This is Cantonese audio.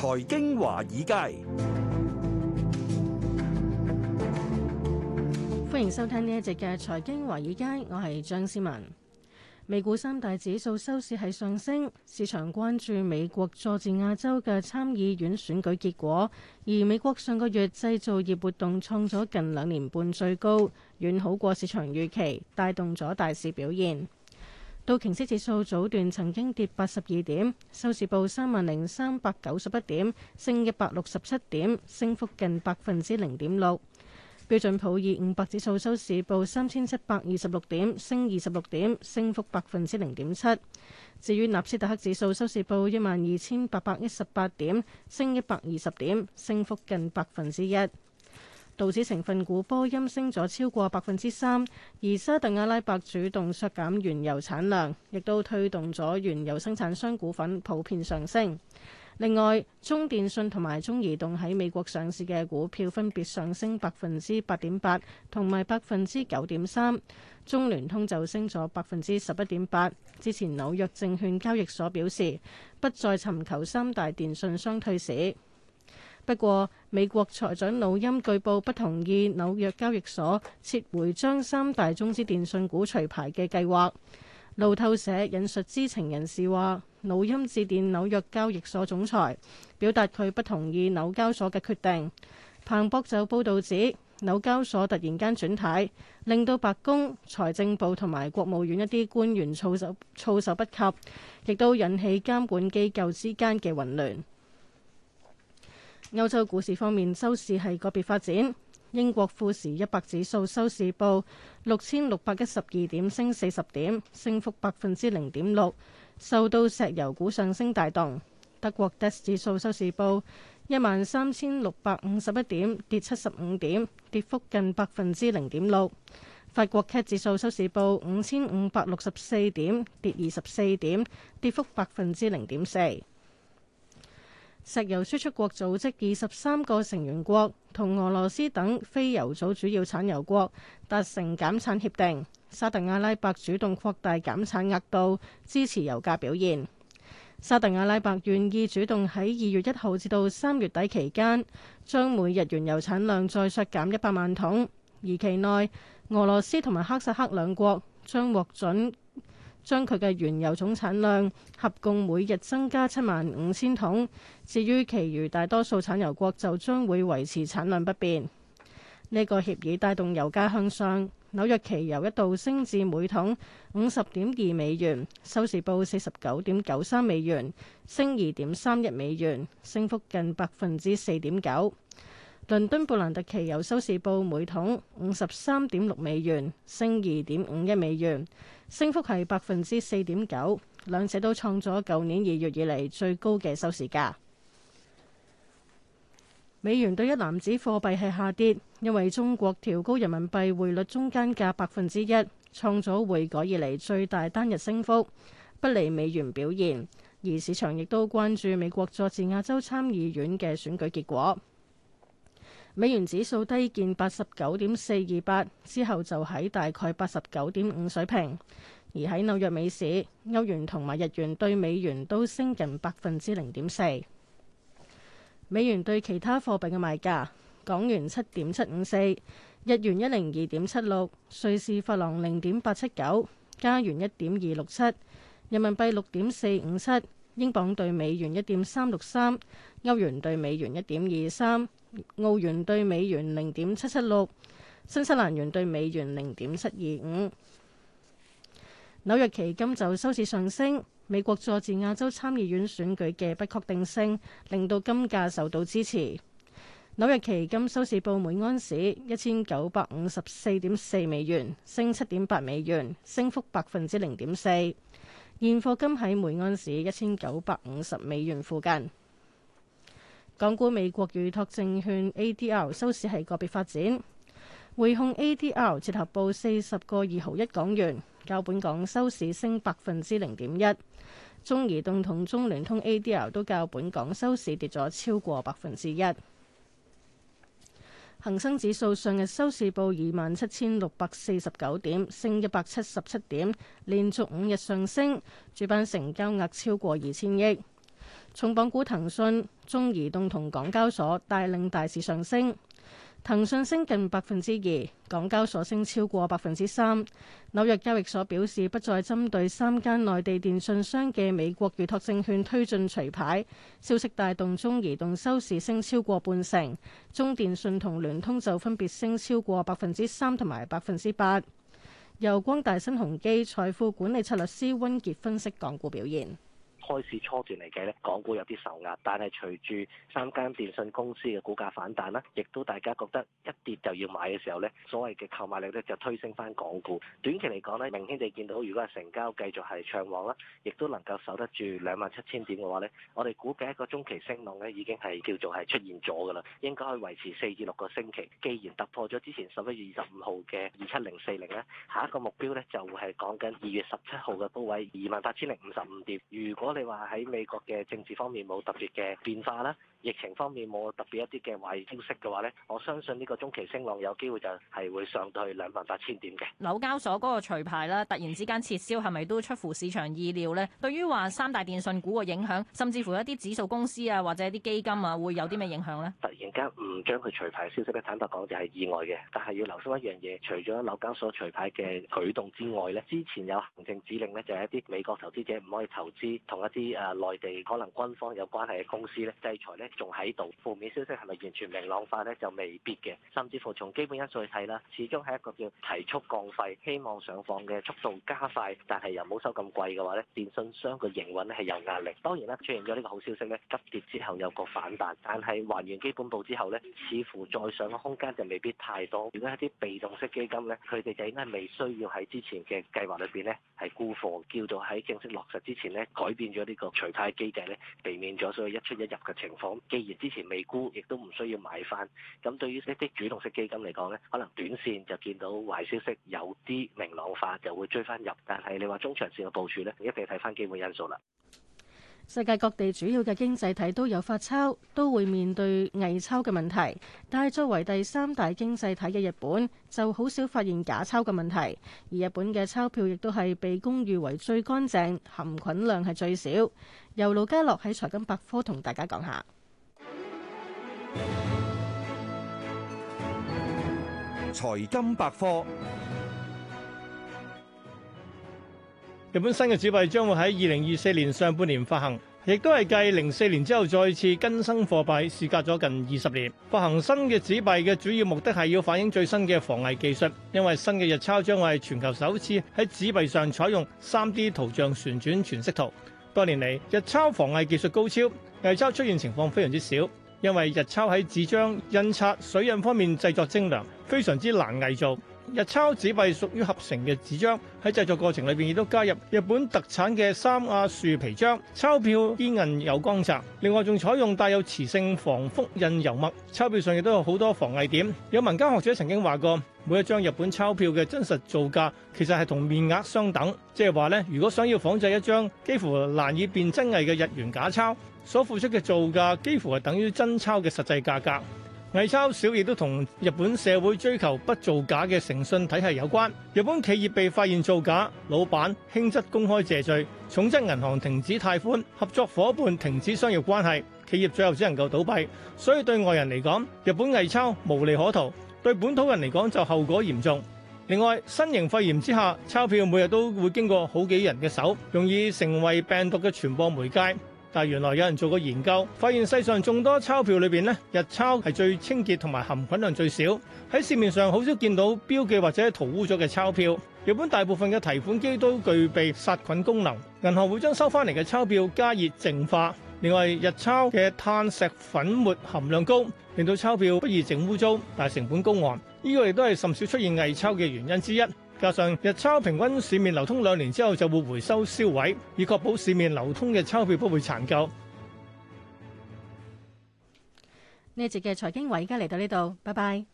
財經華爾街，歡迎收聽呢一集嘅財經華爾街，我係張思文。美股三大指數收市係上升，市場關注美國佐治亞州嘅參議院選舉結果，而美國上個月製造業活動創咗近兩年半最高，遠好過市場預期，帶動咗大市表現。道瓊斯指數早段曾經跌八十二點，收市報三萬零三百九十一點，升一百六十七點，升幅近百分之零點六。標準普爾五百指數收市報三千七百二十六點，升二十六點，升幅百分之零點七。至於納斯達克指數收市報一萬二千八百一十八點，升一百二十點，升幅近百分之一。道指成分股波音升咗超過百分之三，而沙特阿拉伯主動削減原油產量，亦都推動咗原油生產商股份普遍上升。另外，中電信同埋中移動喺美國上市嘅股票分別上升百分之八點八同埋百分之九點三，中聯通就升咗百分之十一點八。之前紐約證券交易所表示，不再尋求三大電訊商退市。不過，美國財長努欽據報不同意紐約交易所撤回將三大中資電訊股除牌嘅計劃。路透社引述知情人士話，努欽致電紐約交易所總裁，表達佢不同意紐交所嘅決定。彭博就報導指，紐交所突然間轉軚，令到白宮、財政部同埋國務院一啲官員措手措手不及，亦都引起監管機構之間嘅混亂。歐洲股市方面，收市係個別發展。英國富時一百指數收市報六千六百一十二點，升四十點，升幅百分之零點六，受到石油股上升帶動。德國 DAX 指數收市報一萬三千六百五十一點，跌七十五點，跌幅近百分之零點六。法國 CAC 指數收市報五千五百六十四點，跌二十四點，跌幅百分之零點四。石油輸出國組織二十三個成員國同俄羅斯等非油組主要產油國達成減產協定，沙特阿拉伯主動擴大減產額度，支持油價表現。沙特阿拉伯願意主動喺二月一號至到三月底期間，將每日原油產量再削減一百萬桶，而期內俄羅斯同埋哈薩克兩國將獲准，將佢嘅原油總產量合共每日增加七萬五千桶，至於其餘大多數產油國就將會維持產量不變。呢個協議帶動油價向上，紐約期油一度升至每桶五十點二美元，收市報四十九點九三美元，升二點三一美元，升幅近百分之四點九。倫敦布蘭特期油收市報每桶五十三點六美元，升二點五一美元。升幅係百分之四點九，兩者都創咗舊年二月以嚟最高嘅收市價。美元對一籃子貨幣係下跌，因為中國調高人民幣匯率中間價百分之一，創咗匯改以嚟最大單日升幅，不利美元表現。而市場亦都關注美國佐治亞州參議院嘅選舉結果。美元指數低見八十九點四二八，之後就喺大概八十九點五水平。而喺紐約美市，歐元同埋日元對美元都升近百分之零點四。美元對其他貨幣嘅賣價：港元七點七五四，日元一零二點七六，瑞士法郎零點八七九，加元一點二六七，人民幣六點四五七。英鎊對美元一點三六三，歐元對美元一點二三，澳元對美元零點七七六，新西蘭元對美元零點七二五。紐約期金就收市上升，美國佐治亞州參議院選舉嘅不確定性，令到金價受到支持。紐約期金收市報每安士一千九百五十四點四美元，升七點八美元，升幅百分之零點四。現貨金喺每安士一千九百五十美元附近。港股美國預託證券 ADR 收市係個別發展，匯控 ADR 折合報四十個二毫一港元，較本港收市升百分之零點一。中移動同中聯通 ADR 都較本港收市跌咗超過百分之一。恒生指數上日收市報二萬七千六百四十九點，升一百七十七點，連續五日上升。主板成交額超過二千億。重磅股騰訊、中移動同港交所帶領大市上升。騰訊升近百分之二，港交所升超過百分之三。紐約交易所表示不再針對三間內地電信商嘅美國預託證券推進除牌。消息，帶動中移動收市升超過半成，中電信同聯通就分別升超過百分之三同埋百分之八。由光大新鴻基財富管理策略師温傑分析港股表現。開始初段嚟計咧，港股有啲受壓，但係隨住三間電訊公司嘅股價反彈啦，亦都大家覺得一跌就要買嘅時候咧，所謂嘅購買力咧就推升翻港股。短期嚟講咧，明顯地見到如果係成交繼續係暢旺啦，亦都能夠守得住兩萬七千點嘅話咧，我哋估計一個中期升浪咧已經係叫做係出現咗噶啦，應該可以維持四至六個星期。既然突破咗之前十一月二十五號嘅二七零四零咧，下一個目標呢就會係講緊二月十七號嘅高位二萬八千零五十五點。如果你你話喺美國嘅政治方面冇特別嘅變化啦。疫情方面冇特別一啲嘅壞消息嘅話咧，我相信呢個中期升浪有機會就係會上到去兩萬八千點嘅。紐交所嗰個除牌啦，突然之間撤銷，係咪都出乎市場意料咧？對於話三大電訊股嘅影響，甚至乎一啲指數公司啊，或者一啲基金啊，會有啲咩影響咧？突然間唔將佢除牌消息咧，坦白講就係意外嘅。但係要留心一樣嘢，除咗紐交所除牌嘅舉動之外咧，之前有行政指令咧，就係一啲美國投資者唔可以投資同一啲誒內地可能軍方有關係嘅公司咧，制裁咧。仲喺度，負面消息係咪完全明朗化呢？就未必嘅。甚至乎從基本因素去睇啦，始終係一個叫提速降費，希望上訪嘅速度加快，但係又冇收咁貴嘅話呢，電信商個營運咧係有壓力。當然啦，出現咗呢個好消息呢，急跌之後有個反彈，但係還原基本步之後呢，似乎再上嘅空間就未必太多。如果係啲被動式基金呢，佢哋就應該未需要喺之前嘅計劃裏邊呢係沽貨，叫做喺正式落實之前呢改變咗呢個除肽機制呢，避免咗所有一出一入嘅情況。既然之前未沽，亦都唔需要買翻。咁對於一啲主動式基金嚟講呢，可能短線就見到壞消息，有啲明朗化就會追翻入。但係你話中長線嘅部署呢，一定要睇翻基本因素啦。世界各地主要嘅經濟體都有發鈔，都會面對偽鈔嘅問題。但係作為第三大經濟體嘅日本就好少發現假鈔嘅問題。而日本嘅鈔票亦都係被公譽為最乾淨，含菌量係最少。由盧嘉樂喺財經百科同大家講下。財金百科。日本新嘅紙幣將會喺二零二四年上半年發行，亦都係繼零四年之後再次更新貨幣，時隔咗近二十年。發行新嘅紙幣嘅主要目的係要反映最新嘅防偽技術，因為新嘅日鈔將會係全球首次喺紙幣上採用三 D 圖像旋轉全息圖。多年嚟，日鈔防偽技術高超，偽鈔出現情況非常之少。因為日鈔喺紙張印刷水印方面製作精良，非常之難偽造。日鈔紙幣屬於合成嘅紙張，喺製作過程裏邊亦都加入日本特產嘅三亞樹皮張。鈔票堅韌有光澤，另外仲採用帶有磁性防複印油墨。鈔票上亦都有好多防偽點。有民間學者曾經話過，每一張日本鈔票嘅真實造價其實係同面額相等，即係話咧，如果想要仿製一張幾乎難以辨真偽嘅日元假鈔，所付出嘅造價幾乎係等於真鈔嘅實際價格。偽鈔少亦都同日本社會追求不造假嘅誠信體系有關。日本企業被發現造假，老闆輕則公開謝罪，重則銀行停止貸款，合作伙伴停止商業關係，企業最後只能夠倒閉。所以對外人嚟講，日本偽鈔無利可圖。對本土人嚟講就後果嚴重。另外，新型肺炎之下，鈔票每日都會經過好幾人嘅手，容易成為病毒嘅傳播媒介。但原來有人做過研究，發現世上眾多鈔票裏邊咧，日鈔係最清潔同埋含菌量最少。喺市面上好少見到標記或者塗污咗嘅鈔票。日本大部分嘅提款機都具備殺菌功能，銀行會將收翻嚟嘅鈔票加熱淨化。另外，日鈔嘅碳石粉末含量高，令到鈔票不易整污糟，但係成本高昂。呢個亦都係甚少出現偽鈔嘅原因之一。加上日鈔平均市面流通兩年之後就會回收銷毀，以確保市面流通嘅鈔票不會殘舊。呢節嘅財經話，而家嚟到呢度，拜拜。